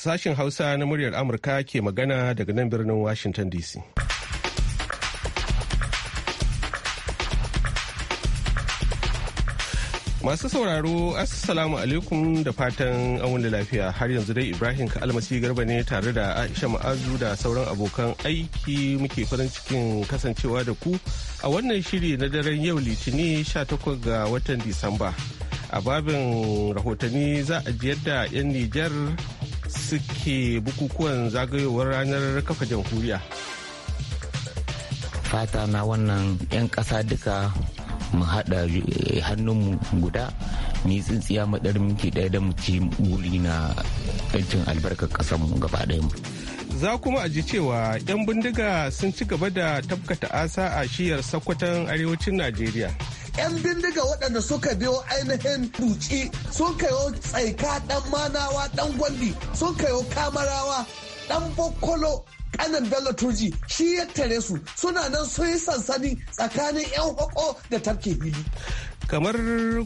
Sashen Hausa na muryar Amurka ke magana daga nan birnin Washington DC. Masu sauraro, Assalamu alaikum da fatan awon lafiya har yanzu dai Ibrahim Almasi Garba ne tare da Aisha Ma'azu da sauran abokan aiki muke farin cikin kasancewa da ku a wannan shiri na daren yau Litini 18 ga watan Disamba. A babin rahotanni za a ji yadda 'yan Nijar suke bukukuwan zagayowar ranar kafa jamhuriya fata na wannan 'yan ƙasa duka mu haɗa eh, hannunmu guda ni tsintsiya maɗar minti ɗaya da mu ci buri na 'yancin albarkar mu gaba mu za kuma a ji cewa 'yan bindiga sun ci gaba da tabkata asa a shiyar sakwatan arewacin najeriya 'yan bindiga waɗanda suka biyo ainihin buci sun kayo tsaika ɗan manawa ɗan gwandi sun kayo kamarawa ɗan bokolo kanan bello shi ya tare su suna nan sun yi sansani tsakanin 'yan hoko da tafke fili kamar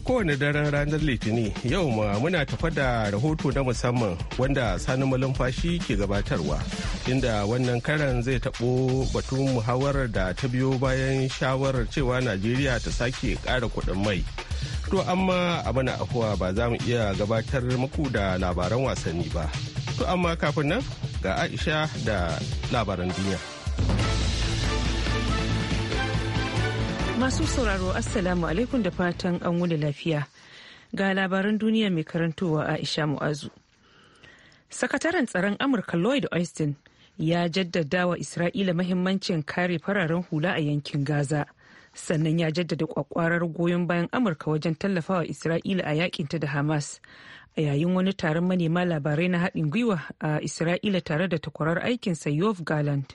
kowane daren ranar litinin yau ma muna tafa da rahoto na musamman wanda sani malumfashi ke gabatarwa inda wannan karan zai taɓo batun muhawarar da ta biyo bayan shawarar cewa najeriya ta sake ƙara kuɗin mai to amma a mana afuwa ba za mu iya gabatar muku da labaran wasanni ba to amma kafin nan ga aisha da labaran duniya Masu sauraro Assalamu alaikum da fatan an wuni lafiya. Ga labaran duniya mai karantowa Aisha Mu'azu. Sakataren tsaron Amurka Lloyd Austin ya jaddada wa Isra'ila mahimmancin kare fararen hula a yankin Gaza. sannan ya jaddada kwakwarar goyon bayan amurka wajen tallafawa isra'ila a yakinta da hamas a yayin wani taron manema labarai na haɗin gwiwa a isra'ila tare da takwarar aikinsa yof garland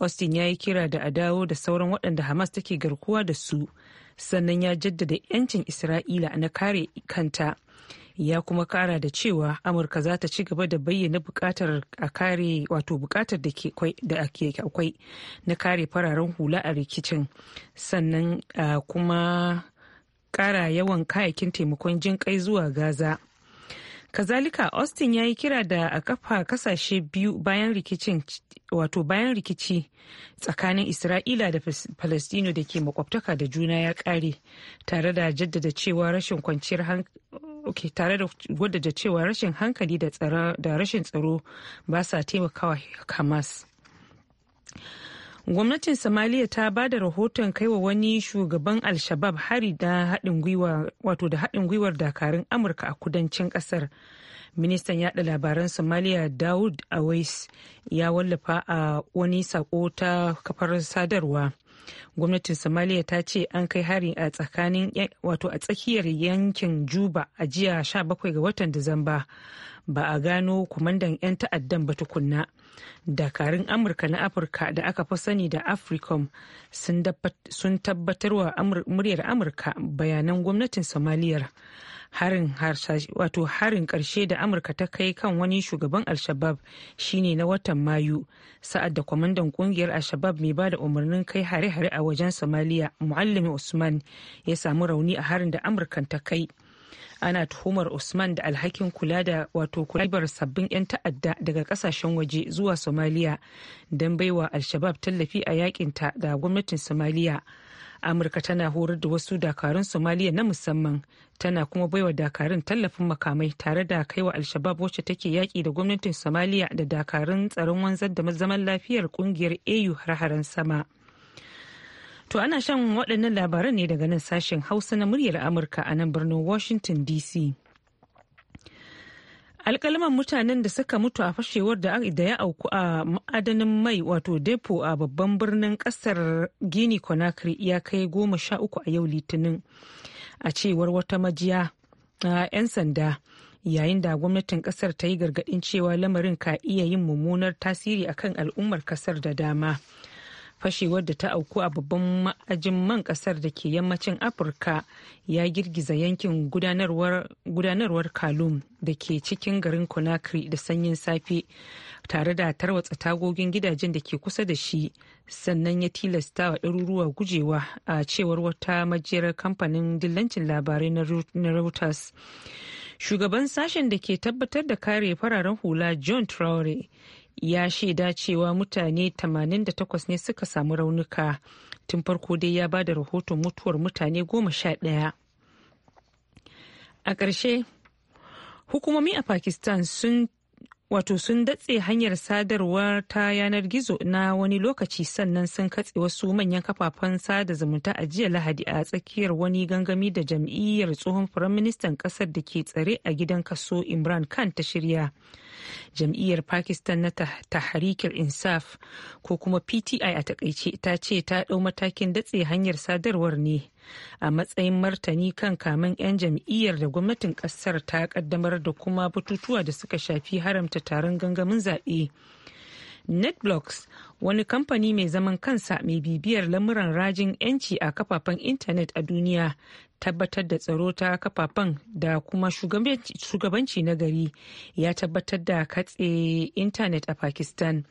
austin ya yi kira da a dawo da sauran waɗanda hamas take garkuwa da su sannan ya jaddada 'yancin isra'ila na kare kanta ya kuma kara da cewa amurka za ta ci gaba da bayyana bukatar a kare wato bukatar da ke akwai na kare fararen hula a rikicin sannan kuma kara yawan kayakin taimakon jin kai zuwa gaza kazalika austin ya yi kira da a kafa kasashe biyu bayan rikicin wato bayan rikici tsakanin isra'ila da palestino da ke makwabtaka da juna ya kare tare da jaddada cewa rashin kwanciyar hankali tare da cewa rashin hankali da rashin tsaro ba sa taimakawa hamas gwamnatin somaliya ta ba da rahoton kai wa wani shugaban al-shabab hari da haɗin gwiwa wato da haɗin gwiwar dakarun amurka a kudancin ƙasar ministan yada labaran somaliya daud awais ya wallafa a wani sako ta kafar sadarwa gwamnatin somaliya ta ce an kai hari a tsakanin wato a tsakiyar yankin juba a jiya 17 ga watan disamba ba a gano kwamandan 'yan ta'addan ba tukunna dakarun amurka na afirka da aka fi sani da africom sun tabbatar wa muryar amurka bayanan gwamnatin somaliyar harin karshe da amurka ta kai kan wani shugaban al-shabab shine na watan mayu sa'ad da kwamandan kungiyar al-shabab mai ba da umarnin kai hare-hare a wajen samaliya muallimi usman ya samu rauni a harin da amurkan ta kai ana tuhumar usman da alhakin kula da wato kulabar sabbin 'yan ta'adda daga kasashen waje zuwa somaliya don baiwa alshabab tallafi a yakinta da gwamnatin somaliya amurka tana horar da wasu dakarun somaliya na musamman tana kuma baiwa dakarun tallafin makamai tare da kaiwa alshabab wacce take yaki da gwamnatin somaliya da dakarun tsaron wanzar da mazaman lafiyar kungiyar au har-haren sama To ana shan waɗannan labaran ne daga nan sashen Hausa na muryar Amurka a nan birnin Washington DC. alkalaman mutanen da suka mutu a fashewar da ya auku a ma'adanin mai wato depo a babban birnin ƙasar gini conakry ya kai goma sha uku a yau litinin a cewar wata majiya a 'yan sanda yayin da gwamnatin kasar ta yi gargadin cewa lamarin ka iya yin mummunar tasiri akan al'ummar kasar da dama fashewar da ta auku a babban ma'ajin man kasar da ke yammacin afirka ya girgiza yankin gudanarwar kalum da ke cikin garin conakry da sanyin safe tare da tarwatsa tagogin gidajen da ke kusa da shi sannan ya tilasta wa ɗaruruwa gujewa a cewar wata majiyar kamfanin dillancin labarai na reuters shugaban sashen da ke tabbatar da kare fararen hula john traore ya shaida cewa mutane 88 ne suka samu raunuka tun farko dai ya ba da rahoton mutuwar mutane goma sha ɗaya. a ƙarshe hukumomi a pakistan sun wato sun datse hanyar sadarwar ta yanar gizo na wani lokaci sannan sun katse wasu manyan kafafen sada zumunta a jiya lahadi a tsakiyar wani gangami da jam'iyyar tsohon firaministan kasar da ke tsare a gidan kaso imran khan ta shirya jam'iyyar pakistan na tahrikil insaf ko kuma pti a takaice ta ce ta ɗau matakin datse hanyar sadarwar ne a matsayin martani kan kamin 'yan jam'iyyar da gwamnatin kasar ta kaddamar da kuma batutuwa da suka shafi haramta taron gangamin zaɓe. netblocks wani kamfani mai zaman kansa mai bibiyar lamuran rajin 'yanci a kafafen intanet a duniya tabbatar da tsaro ta kafafen da kuma shugabanci na gari ya tabbatar da katse intanet a pakistan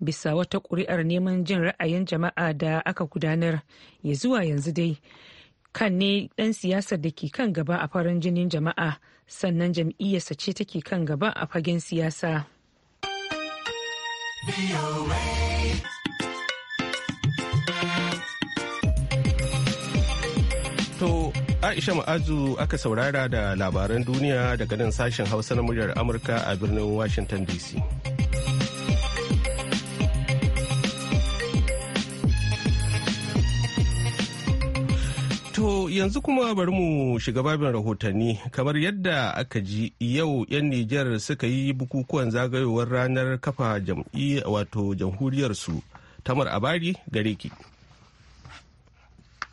bisa wata kuri'ar neman jin ra'ayin jama'a da aka gudanar ya zuwa yanzu dai kan ne ɗan siyasar da ke kan gaba a farin jinin jama'a sannan jam'iyyarsa ce take kan gaba a fagen siyasa. To Aisha Ma'azu aka saurara da labaran duniya daga nan sashen Hausa na muryar Amurka a birnin Washington DC. yanzu kuma bari mu shiga babin rahotanni kamar yadda aka ji yau 'yan Nijar suka yi bukukuwan zagayowar ranar kafa jam'i wato jamhuriyarsu tamar abari gare ki.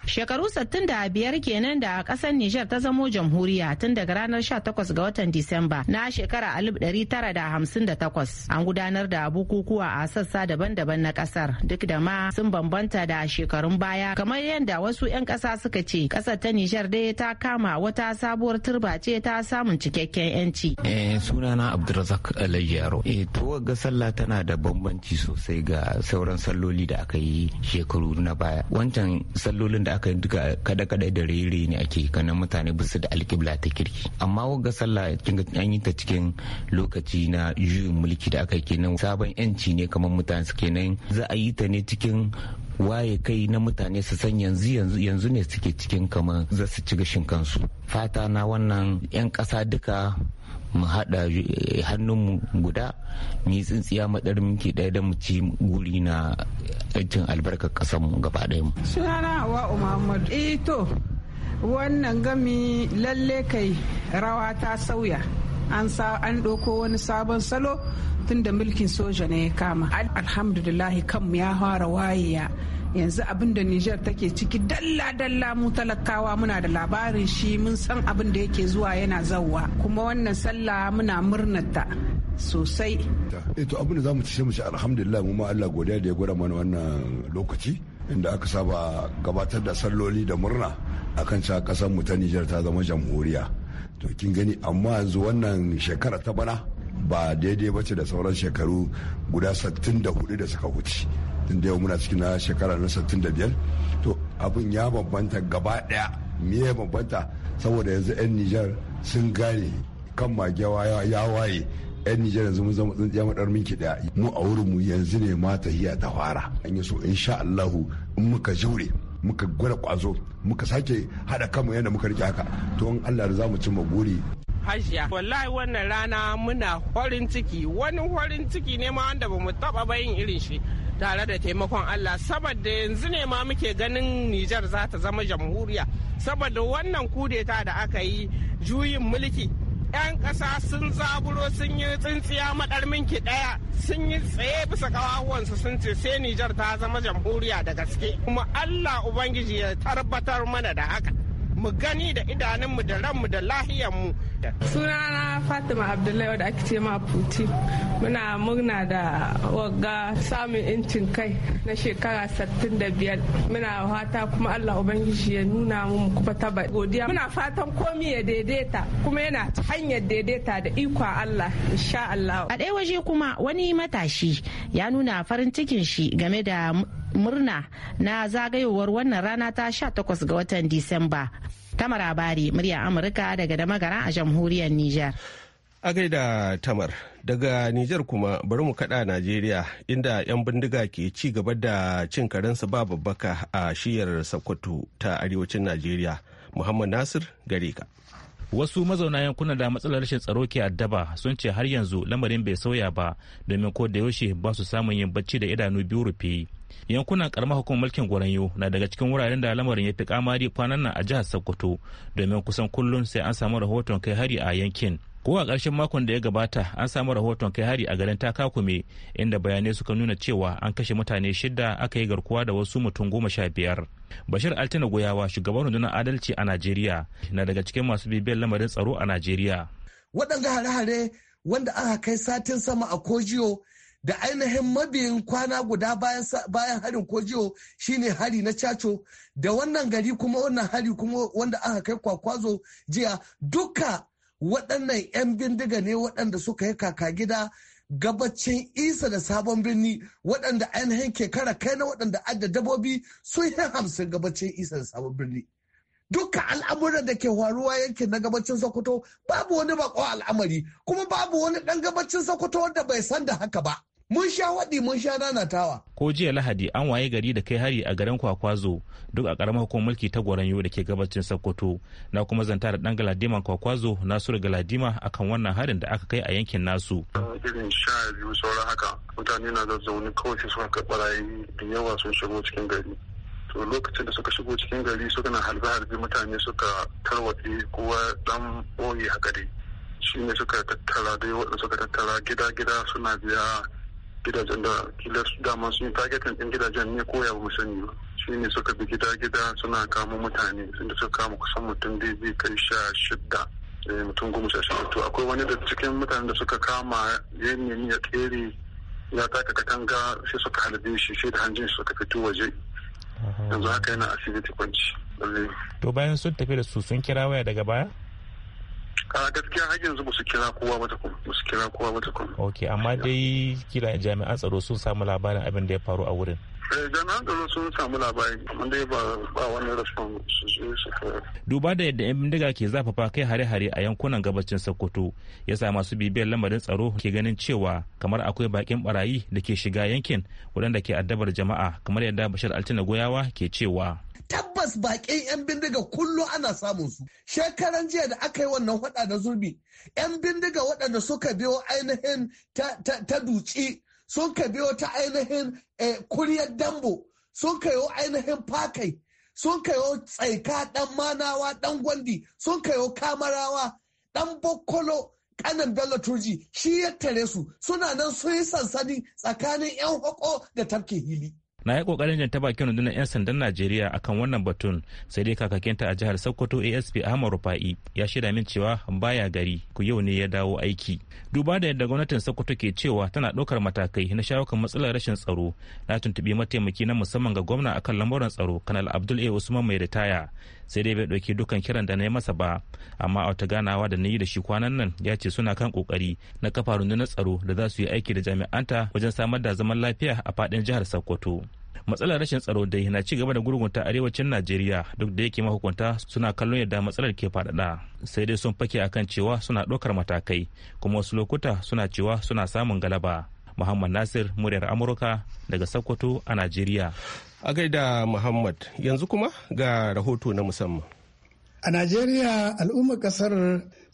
Shekaru 65 kenan da kasar Nijar ta zamo jamhuriya tun daga ranar 18 ga watan Disamba na shekara 1958. An gudanar da bukukuwa a sassa daban-daban na kasar duk da ma sun bambanta da shekarun baya kamar yadda wasu 'yan kasa suka ce kasar ta Nijar dai ta kama wata sabuwar turba ce ta samun cikakken 'yanci. Eh, sunana Abdulrazak Alayyaro. Eh to ga sallah tana da bambanci sosai ga sauran salloli da aka yi shekaru na baya. Wancan sallolin aka duka kada kada da riri ne ake kana mutane bisu da alƙibla ta kirki amma wagga sallah kinga an yi ta cikin lokaci na juyin mulki da aka kenan sabon yanci ne kamar mutane su kenan za a yi ta ne cikin waye kai na mutane su san yanzu yanzu yanzu ne suke cikin kamar za su ci gashin kansu fata na wannan 'yan kasa duka mu haɗa eh, hannunmu guda mu yi tsintsiya maɗar minki ɗaya da mu ci guri na eh, cin albarkar ƙasarmu gaba ɗaya mu. sunana wa'u muhammadu eh to wannan gami lalle kai rawa ta sauya an ɗauko wani sabon salo tunda mulkin soja ne ya kama alhamdulillahi kanmu ya fara wayeya yanzu abin da Nijar take ciki dalla-dalla mu talakawa muna da labarin shi mun san abin da yake zuwa yana zauwa kuma wannan sallah muna murnata sosai. Eto eh, abin da za mu ci sai mu ci alhamdulillah mu ma Allah godiya da ya gwada mana wannan lokaci inda aka saba gabatar da salloli da murna akan cewa kasar mu ta Nijar ta zama jamhuriya. To kin gani amma yanzu wannan shekara ta bana ba daidai bace da sauran shekaru guda 64 da suka wuce. tunda yau muna cikin na shekara na 65 to abin ya bambanta gaba daya me ya bambanta saboda yanzu 'yan nijar sun gane kan magewa ya waye 'yan nijar yanzu mun zama tsintsiya madar minki daya mu a wurin mu yanzu ne ma ta hiya ta fara an yi so insha Allahu in muka jure muka gwada kwazo muka sake hada kanmu yadda muka rike haka to in Allah da zamu cimma buri hajiya wallahi wannan rana muna farin ciki wani farin ciki ne ma wanda bamu taba ba yin irin shi tare da taimakon Allah saboda yanzu ne ma muke ganin Nijar za ta zama jamhuriya saboda wannan kudeta da aka yi juyin mulki 'yan ƙasa sun zaburo sun yi tsintsiya minki ɗaya sun yi tsaye bisa ƙawawansu sun ce sai Nijar ta zama jamhuriya da gaske kuma Allah Ubangiji ya tabbatar mana da haka. mu gani da idanunmu da ranmu da lahiyarmu. sunana fatima abdullahi wadda ake ce ma puti muna murna da wagga samun incin kai na shekara 65 muna fata kuma allah ubangiji ya nuna mu kuma taba godiya muna fatan komi ya daidaita kuma yana hanyar daidaita da ikon allah insha allah a ɗaya waje kuma wani matashi ya nuna farin cikin shi game da murna na zagayowar wannan rana ta 18 ga watan Disamba. Tamar Abari, murya Amurka daga Damagara a jamhuriyar Nijar. A gaida Tamar, daga Nijar kuma bari mu kada Najeriya inda 'yan bindiga ke ci gaba da cin karensu ba babbaka a shiyar Sokoto ta arewacin Najeriya. Muhammad Nasir gare ka. wasu mazauna yankunan da matsalar rashin tsaro ke addaba sun ce har yanzu lamarin bai sauya ba domin ko da yaushe ba su samun yin bacci da idanu biyu rufe yankunan karamar hukumar mulkin gwaranyo na daga cikin wuraren da lamarin ya fi kamari kwanan nan a jihar sokoto domin kusan kullum sai an samu rahoton kai hari a yankin ko a ƙarshen makon da ya gabata an samu rahoton kai hari a garin takakume inda bayanai suka nuna cewa an kashe mutane shida aka yi garkuwa da wasu mutum goma sha biyar bashir altina goyawa shugaban rundunar adalci a najeriya na daga cikin masu bibiyar lamarin tsaro a najeriya waɗanga hare-hare wanda aka kai satin sama a kojiyo da ainihin mabiyin kwana guda bayan harin kojiyo shine hari na caco da wannan gari kuma wannan hari kuma wanda aka kai kwakwazo jiya duka waɗannan 'yan bindiga ne waɗanda suka yi kaka gida gabacin isa da sabon birni waɗanda ainihin ke kara kai na waɗanda adda dabobi sun yi hamsin gabacin isa da sabon birni duka al'amuran da ke faruwa yankin na gabacin sokoto babu wani bako al'amari kuma babu wani ɗan gabacin sokoto wanda bai san da haka ba mun sha waɗi mun sha nanatawa. ko jiya lahadi an waye gari da kai hari a garin kwakwazo duk a karamar hukumar mulki ta gwaranyo da ke gabacin sokoto na kuma zanta da dan galadima kwakwazo nasiru galadima akan wannan harin da aka kai a yankin nasu irin sha biyu sauran haka mutane na zazzauni kawai sai suka kai rayu da yawa sun shigo cikin gari to lokacin da suka shigo cikin gari suka na halbe halbe mutane suka tarwaɗe kowa ɗan ɓoye haka dai shi ne suka tattara dai waɗanda suka tattara gida gida suna biya gidajen da kila dama sun yi targetin din gidajen ne koya ba sani ba shi ne suka bi gida-gida suna kama mutane inda suka kama kusan mutum zai kai sha shida eh, mutum goma sha shida to akwai wani da cikin mutanen da suka kama ya nemi ya tsere ya taka katanga sai suka halbe shi sai da hanjin suka fito waje yanzu haka yana asibiti kwanci to bayan sun tafi da su sun kira waya daga baya a gaskiya har yanzu su kira kowa ba tukun su kira kowa ba kuma. ok amma dai kila jami'an tsaro sun samu labarin abin da ya faru a wurin eh, jami'an tsaro sun samu labarin. amma dai ba ba wani rashin su su duba da yadda yan bindiga ke zafafa kai hare-hare a yankunan gabacin sokoto ya sa masu bibiyar lamarin tsaro ke ganin cewa kamar akwai bakin barayi da ke shiga yankin waɗanda ke addabar jama'a kamar yadda bashar altina goyawa ke cewa tabbas bakin 'yan bindiga kullum ana samun su shekaran jiya da aka yi wannan hada na zurbi 'yan bindiga waɗanda suka biyo ainihin ta duci sun ka biyo ta ainihin eh, kuryar dambo sun ka yi ainihin fakai sun ka yi tsaika dan manawa dan gwandi sun ka yi kamarawa dan bokkolo kanan bello shi ya tare su suna nan sun yi sansani tsakanin 'yan hako da tafkin hili na yi kokarin janta bakin rundunar 'yan sandan najeriya akan wannan batun sai dai kakakinta a jihar sokoto asp ahmad rufa'i ya shirya min cewa baya gari ku yau ne ya dawo aiki duba da yadda gwamnatin sokoto ke cewa tana ɗaukar matakai na shawo kan matsalar rashin tsaro na tuntuɓi mataimaki na musamman ga gwamna akan lamuran tsaro kanal abdul a usman mai ritaya sai dai bai ɗauki dukkan kiran da na yi masa ba amma a wata ganawa da na yi da shi kwanan nan ya ce suna kan kokari na kafa rundunar tsaro da za su yi aiki da jami'anta wajen samar da zaman lafiya a faɗin jihar sokoto matsalar rashin tsaro dai na ci gaba da gurgunta arewacin najeriya duk da yake mahukunta suna kallon yadda matsalar ke faɗaɗa sai dai sun fake akan cewa suna ɗaukar matakai kuma wasu lokuta suna cewa suna samun galaba muhammad nasir muryar amurka daga sokoto a najeriya a gaida muhammad yanzu kuma ga rahoto na musamman A Najeriya al'ummar kasar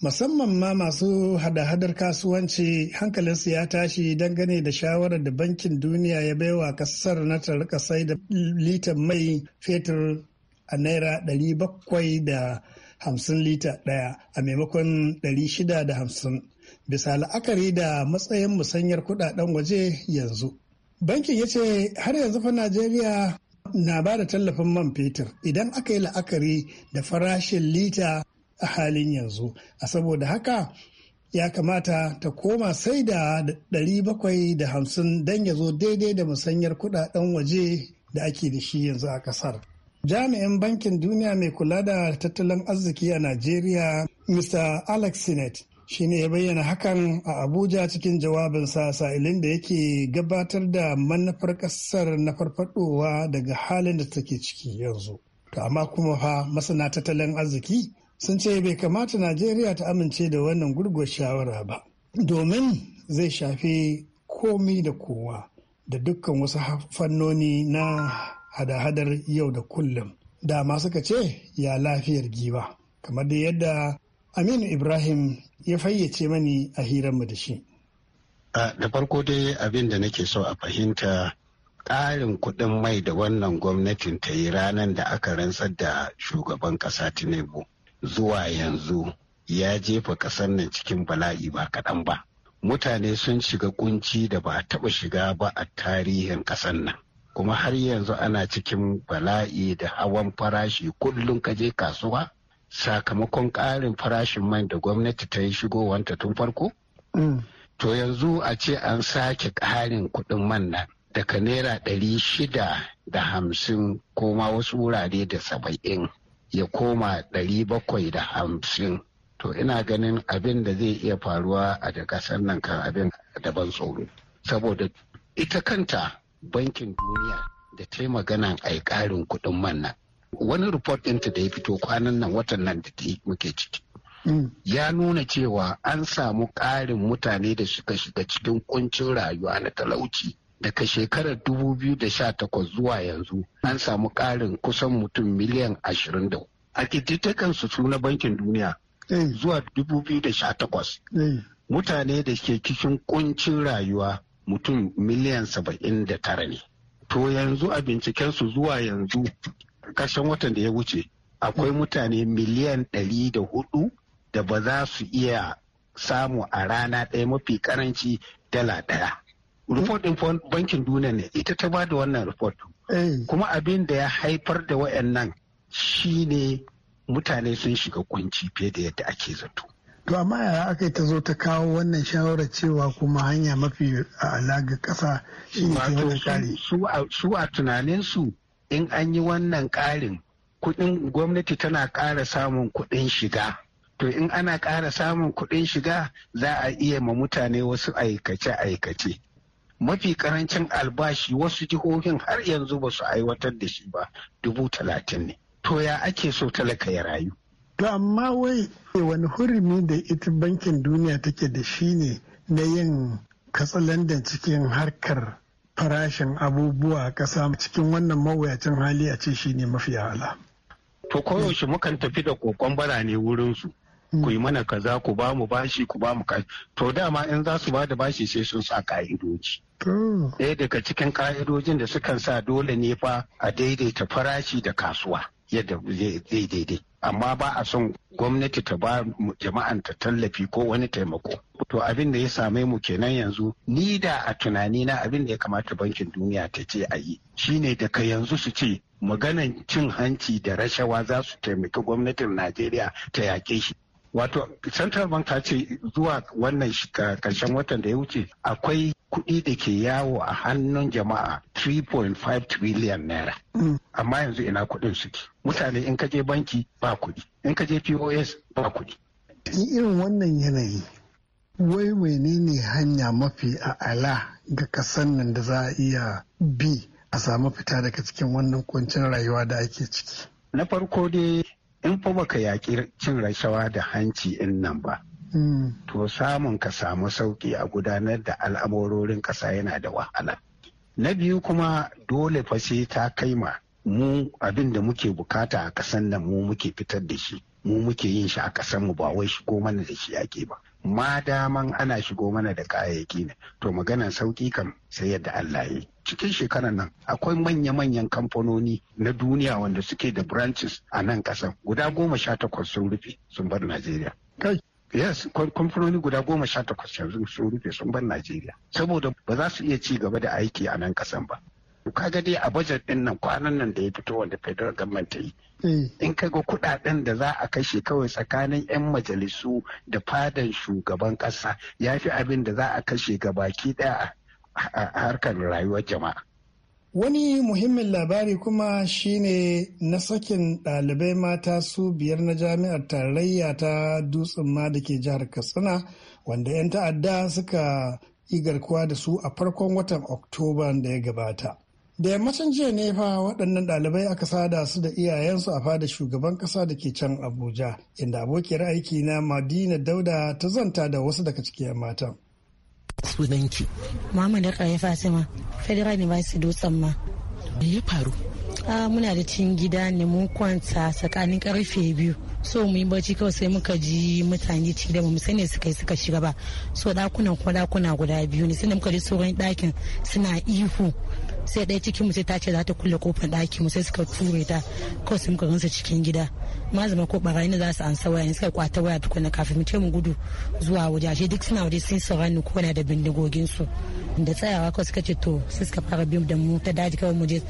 musamman ma masu hada-hadar kasuwanci hankalinsu ya tashi dangane da shawarar da bankin duniya ya baiwa kasar na ta rika sai da litan mai fetur a naira 750 lita ɗaya a maimakon 650 bisa la'akari da matsayin musanyar kudaden waje yanzu. Bankin ya ce har yanzu fa Najeriya na ba da tallafin man fetur idan aka yi la'akari da farashin lita a halin yanzu a saboda haka ya kamata ta koma sai da hamsin don ya zo daidai da musanyar kudaden waje da ake da shi yanzu a kasar jami'in bankin duniya mai kula da tattalin arziki a nigeria mr alex sinet shine ya bayyana hakan a abuja cikin jawabinsa sa'ilin da yake gabatar da manufar kasar na farfadowa daga halin da take ciki yanzu to amma kuma fa masana tattalin arziki sun ce bai kamata najeriya ta amince da wannan gurgur shawara ba domin zai shafi komi da kowa da dukkan wasu fannoni na hada-hadar yau da kullum dama suka ce ya lafiyar giwa kamar da yadda Aminu Ibrahim ya fayyace mani a hiranmu da shi. Da farko dai abin da nake so a fahimta ƙarin kuɗin mai da wannan gwamnatin ta yi ranar da aka rantsar da shugaban ƙasa Tinubu zuwa yanzu ya jefa ƙasar nan cikin bala'i ba kaɗan ba. Mutane sun shiga kunci da ba a taɓa shiga ba a tarihin ƙasar nan. Kuma har yanzu ana cikin bala'i da hawan farashi kullum ka je kasuwa sakamakon ƙarin farashin man da gwamnati ta yi shigowanta tun farko? Mm. To yanzu a ce an sake ƙarin kuɗin man nan daga naira ɗari shida da hamsin koma wasu wurare da saba'in ya koma ɗari bakwai da hamsin. To ina ganin abin da zai iya faruwa a da sannan kan abin daban tsoro. Saboda ita kanta bankin duniya da ta yi maganan a ƙarin kuɗin man nan. wani report ɗinta da ya fito kwanan nan watan nan da muke ciki mm. ya nuna cewa an samu ƙarin mutane da suka shiga cikin kuncin rayuwa na talauci daga shekarar 2018 zuwa yanzu an samu ƙarin kusan mutum miliyan 20 a ƙididdigan su na bankin duniya eh. zuwa 2018 eh. mutane da ke cikin kuncin rayuwa mutum miliyan 79 ne to yanzu a bincikensu zuwa yanzu ƙarshen watan da ya wuce akwai mutane miliyan ɗari da hudu da ba za su iya samu a rana ɗaya mafi karanci dala ɗaya. Report ɗin bankin duniya ne ita ta ba da wannan report. Eh. Kuma abin da ya haifar da wayannan shine mutane sun shiga kunci fiye da yadda ake zato. To amma yaya aka ta zo ta kawo wannan shawarar cewa kuma hanya mafi a alaga ƙasa shi ne su a tunaninsu in an yi wannan ƙarin kuɗin gwamnati tana ƙara samun kuɗin shiga to in ana ƙara samun kuɗin shiga za a iya ma mutane wasu aikace-aikace mafi karancin albashi wasu jihohin har yanzu ba su aiwatar da shi ba dubu talatin ne to ya ake so talaka ya rayu to amma wai wani hurumi da ita bankin duniya take da shi ne na yin katsalandan cikin harkar farashin abubuwa a ƙasa cikin wannan mawuyacin hali a ce shine mafi hala To koyaushe mukan tafi da kokon ne wurinsu. Mm. Ku yi mana kaza ku ba mu bashi ku ba mu kashi. To dama in za su ba da bashi sai sun sa ka'idoji. Ɗaya daga cikin ka'idojin da sukan sa dole ne fa a daidaita farashi da kasuwa yadda zai daidai. amma ba a son gwamnati ta ba jama'anta tallafi ko wani taimako to abin da ya same mu kenan yanzu ni da a tunani na abin da ya kamata bankin duniya ta ce a yi shine daga yanzu su ce maganan cin hanci da rashawa za su taimaki gwamnatin najeriya ta yaƙe shi Wato Central Bank ta ce zuwa wannan karshen watan da ya wuce akwai kuɗi da ke yawo a hannun jama'a 3.5 trillion naira. Mm. Amma yanzu ina kuɗin suke. Mutane in ka je banki ba kuɗi, in ka je POS ba kuɗi. irin wannan yanayi wai menene hanya mafi a'ala ga kasan nan da za a iya bi a samu fita daga cikin wannan kuncin rayuwa da ake ciki. Na farko dai in fa baka yaƙi cin rashawa da hanci in nan ba mm. to samun ka samu sauƙi a gudanar da al'amurorin ƙasa yana da wahala na biyu kuma dole fa sai ta kai ma mu abin da muke bukata a ƙasan nan mu muke fitar da shi mu muke yin shi a ƙasar mu ba wai shi ko mana da shi yaƙi ba ma daman ana shigo mana da kayayyaki ne to maganan sauki kam sai yadda Allah ya yi cikin shekarar nan akwai manya-manyan kamfanoni na duniya wanda suke da branches a nan kasan guda goma sha takwas sun rufe sun bar Najeriya kai yes kamfanoni guda goma sha takwas yanzu sun rufe sun bar najeriya saboda ba za su iya ci gaba da aiki a nan kasan ba to kaga dai a budget din nan kwanan nan da ya fito wanda federal government ta yi mm. in ka ga kudaden da za a kashe kawai tsakanin 'yan majalisu da fadan shugaban kasa ya fi abin da za a kashe gabaki daya a harkar rayuwar jama'a Wani muhimmin labari kuma shine na sakin ɗalibai mata su biyar na jami'ar tarayya ta dutsen ma da ke jihar Katsina wanda 'yan ta'adda suka yi garkuwa da su a farkon watan Oktoba da ya gabata. da yammacin jiya ne fa waɗannan ɗalibai aka sada su da iyayensu a fada shugaban ƙasa da ke can abuja inda abokiyar aiki na madina dauda ta zanta da wasu daga cikin matan sunanki muhammad da fatima federal university dutsen ma me ya faru a muna da cin gida ne mun kwanta tsakanin karfe biyu so mu yi bacci kawai sai muka ji mutane ciki da mu sani suka yi suka shiga ba so dakunan kuma dakuna guda biyu ne sai muka ji tsoron dakin suna ihu sai ɗaya cikin mu sai ta ce za ta kulle kofar ɗaki mu sai suka ture ta ko sai muka gansu cikin gida zama ko barayi za su ansa waya ne suka kwata waya tukuna kafin mu ce mu gudu zuwa waje ashe duk suna waje sun saurari ni ko na da bindigogin su da tsayawa ko suka ce to sai suka fara bin da mu ta daji kawai mu je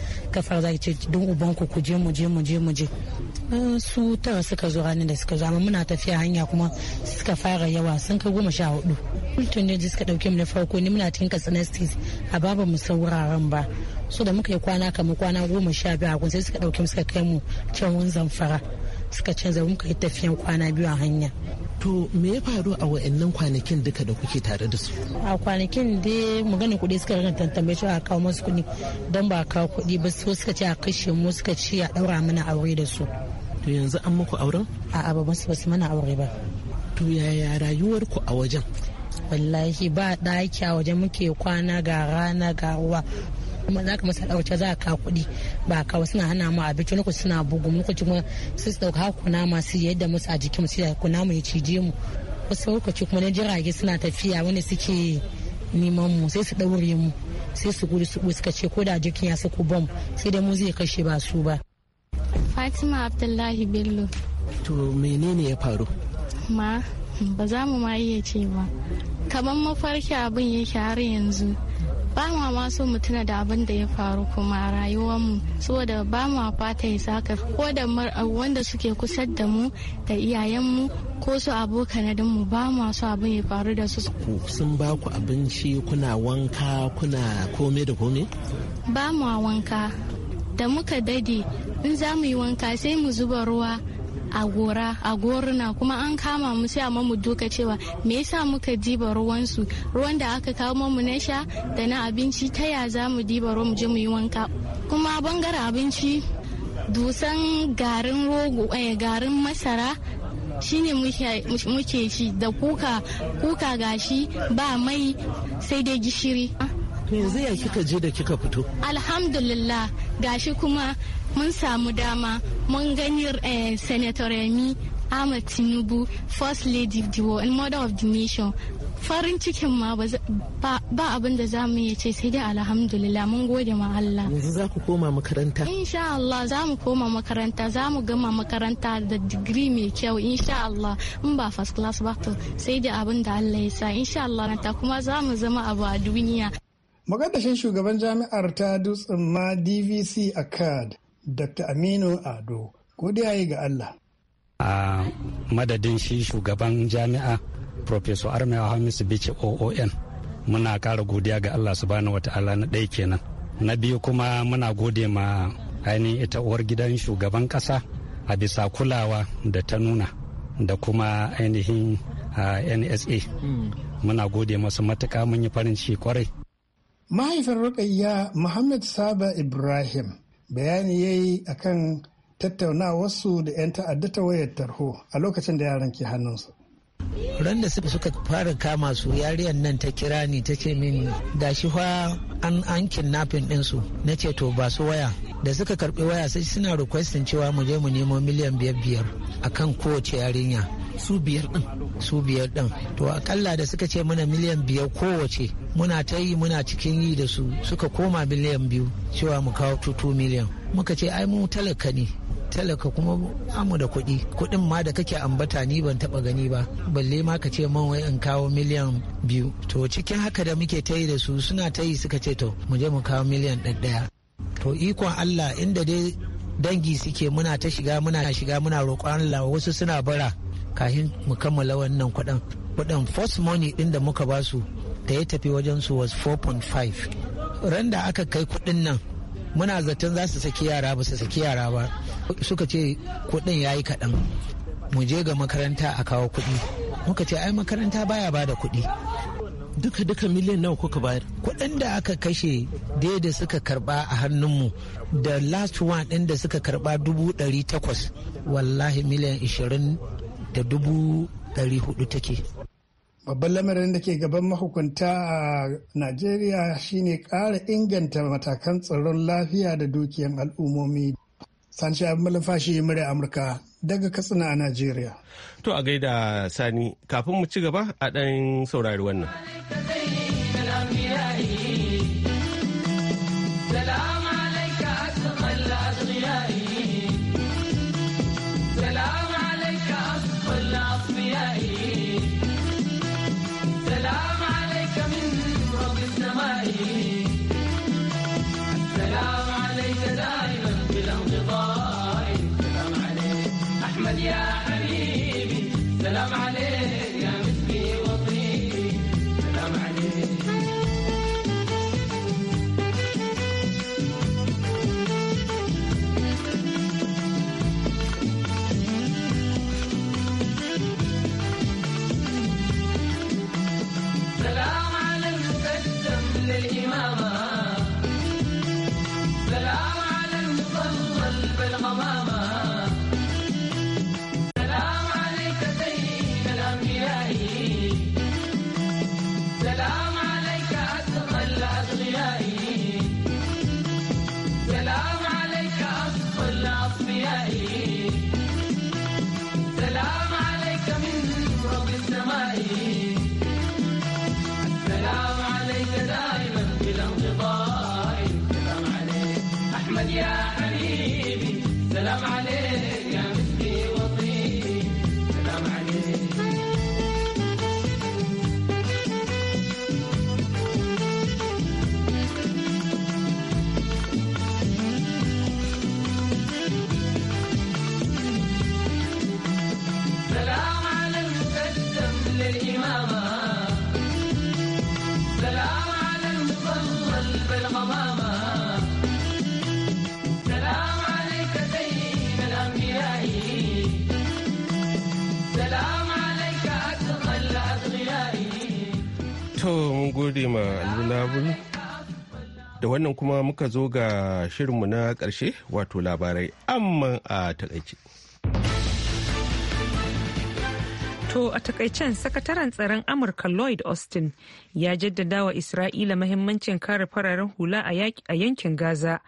fara za ce don uban ku ku je mu je mu je mu je su tara suka zo ranar da suka zo amma muna tafiya hanya kuma suka fara yawa sun kai goma sha hudu kultun ne suka dauke mu na farko ni muna tinka sanasis a babu mu sauraron ba so da muka yi kwana kamar kwana goma sha biyu a gun sai suka dauke suka kai mu can wani zamfara suka canza muka yi tafiyan kwana biyu a hanya to me ya faru a wa'annan kwanakin duka da kuke tare da su a kwanakin dai magana kuɗi suka rana tantambe cewa a kawo masu kuɗi don ba a kawo kuɗi ba so suka ce a kashe mu suka ce a ɗaura mana aure da su to yanzu an muku auren a'a ba ba su mana aure ba to yaya rayuwar a wajen wallahi ba ɗaki a wajen muke kwana ga rana ga ruwa kuma za ka masa ɗauce za ka kuɗi ba kawo suna hana mu abinci wani suna bugu lokaci kuma su su ɗauka kuna masu yadda musu a jikin su kuna mu ya cije mu wasu lokaci kuma na jirage suna tafiya wani suke neman mu sai su ɗaure mu sai su gudu su suka ce ko da jikin ya saku bom sai dai mu zai kashe ba su ba. Fatima Abdullahi Bello. To menene ya faru? Ma ba za mu ma iya ce ba. Kamar mafarki abin yake har yanzu. ba ma ma so da abin da ya faru kuma rayuwar mu saboda ba ma fata ya saka ko da wanda suke kusa da mu da iyayen mu ko su abokanadin mu ba ma so abin ya faru da su sun ba ku abinci kuna wanka kuna kome da kome ba ma wanka da muka dade in za mu yi wanka sai mu zuba ruwa a gora a goruna kuma an kama mu sai amma mu duka cewa me yasa muka diba ruwan su ruwan da aka kawo mu na sha da na abinci ta ya za mu diba ruwan mu je mu yi wanka kuma bangaren abinci dusan garin rogo eh, garin masara shine muke shi da kuka kuka gashi ba mai sai dai gishiri yanzu ya kika je da kika fito alhamdulillah gashi kuma mun samu dama mun gani eh, senator remi ahmad tinubu first lady of the world mother of the nation farin cikin ma ba abin da za mu ce sai dai alhamdulillah mun gode ma Allah. Yanzu za ku koma makaranta? Insha Allah za mu koma makaranta za mu gama makaranta da digiri mai kyau insha Allah in ba first class ba to sai da abin da Allah ya sa insha Allah ranta kuma za mu zama abu a duniya. Magadashin shugaban jami'ar ta dutsen ma DVC a CAD, Dr. Aminu Ado, godiya yi ga Allah. A madadin shi shugaban jami'a, Professor Armewa Hamisu Bice OON, muna kara godiya ga Allah su wata wata'ala na ɗaya kenan. Na biyu kuma muna gode ma ainihin ita uwar gidan shugaban ƙasa a bisa kulawa da ta nuna da kuma ainihin NSA. Hmm. Muna gode masu matuka mun yi farin ciki kwarai. mahaifin rukayya muhammad saba ibrahim bayani ya yi akan tattaunawarsu da 'yan ta'adda ta wayar tarho a lokacin da yaran ke hannunsu ran da suka fara kama su yariyar nan ta kira ni ta ce min da shi fa an an kidnapping ɗinsu na ce to ba su waya da suka karbi waya sai suna requesting cewa mu je mu nemo miliyan biyar biyar akan kowace yarinya su biyar din su biyar din to akalla da suka ce mana miliyan biyar kowace muna ta yi muna cikin yi da su suka koma miliyan biyu cewa mu kawo tutu miliyan muka ce ai mu talaka ne talaka kuma amu da kuɗi kuɗin ma da kake ambata ni ban taɓa gani ba balle ma ka ce man wai in kawo miliyan biyu to cikin haka da muke ta yi da su suna ta yi suka ce to mu je mu kawo miliyan ɗaya to ikon allah inda dai dangi suke muna ta shiga muna shiga muna roƙon allah wasu suna bara kafin mu kammala wannan kuɗin kuɗin first money ɗin da muka basu da ya tafi wajen su was 4.5 ran da aka kai kuɗin nan muna zaton za su saki yara ba su saki yara ba suka ce kuɗin ya yi kaɗan mu je ga makaranta a kawo kuɗi muka ce ai makaranta baya ba da kuɗi duka duka miliyan nawa kuka bayar kuɗin da aka kashe da da suka karba a hannunmu da last one ɗin da suka karba dubu ɗari takwas wallahi miliyan ishirin da dubu ɗari hudu take babban lamarin da ke gaban mahukunta a najeriya shine ƙara inganta matakan tsaron lafiya da dukiyan al'ummomi Sani abin Malafashi murya Amurka daga Katsina a Najeriya. To a gaida Sani, kafin mu ci gaba a ɗan saurari wannan. بالغمامة To mun gode ma Alunabul. Da wannan kuma muka zo ga shirinmu na ƙarshe wato labarai amma a takaice. To a takaicen sakataren tsaron Amurka Lloyd Austin ya jaddada wa Isra'ila mahimmancin kare fararen hula a yankin Gaza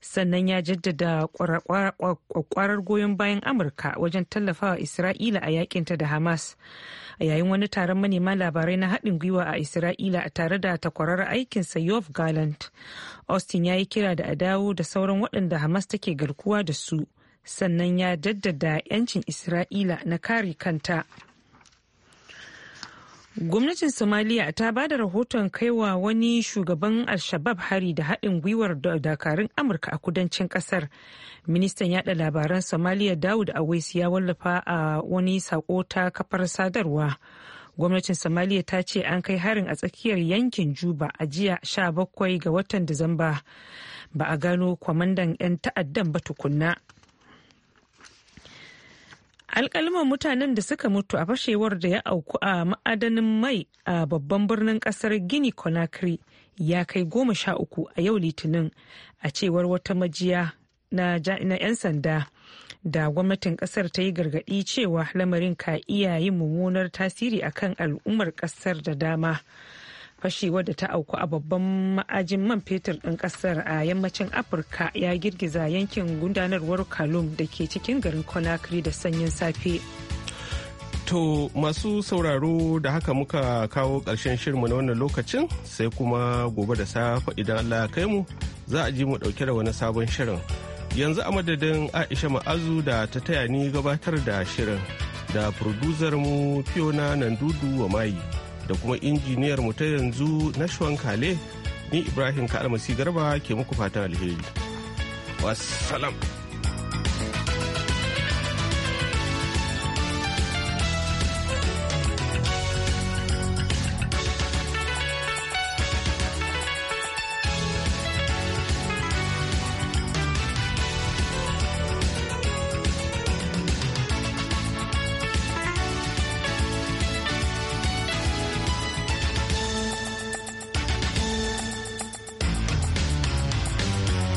sannan ya jaddada kwakwarar goyon bayan Amurka wajen tallafawa Isra'ila a yakinta da Hamas. A yayin wani taron manema labarai na haɗin gwiwa a Isra'ila a tare da takwarar aikinsa Yov Gallant, Austin ya yi kira da a dawo da sauran waɗanda Hamas take garkuwa da su sannan ya jaddada 'yancin Isra'ila na kare kanta. Gwamnatin Somaliya ta ba da rahoton kaiwa wani shugaban Al-Shabab hari da haɗin gwiwar dakarun Amurka a kudancin ƙasar. Ministan yada labaran Somaliya Dawud Awais ya wallafa a wani sako ta kafar sadarwa. Gwamnatin Somaliya ta ce an kai harin a tsakiyar yankin Juba a jiya sha bakwai ga watan Disamba. Ba a gano kwamandan 'yan ta'addan ba tukunna. alkalman mutanen da suka mutu a fashewar da ya auku a ma'adanin mai a babban birnin kasar gini conakry ya kai goma sha uku a yau litinin a cewar wata majiya na 'yan sanda da gwamnatin kasar ta yi gargadi cewa lamarin ka iya yin mummunar tasiri akan al'ummar kasar da dama fashewar da ta auku a babban ma'ajin man fetur ɗin ƙasar a yammacin afirka ya girgiza yankin gudanarwar kalum da ke cikin garin conakry da sanyin safe to masu sauraro da haka muka kawo ƙarshen shirinmu na wannan lokacin sai kuma gobe da safe idan allah ya kai mu za a ji mu ɗauke da wani sabon shirin yanzu a madadin aisha ma'azu da ta taya ni gabatar da shirin da mu fiona nandudu wa mayi da kuma injiniyar mu ta yanzu na kale ni ibrahim kalmasi garba ke muku fatan alheri wassalam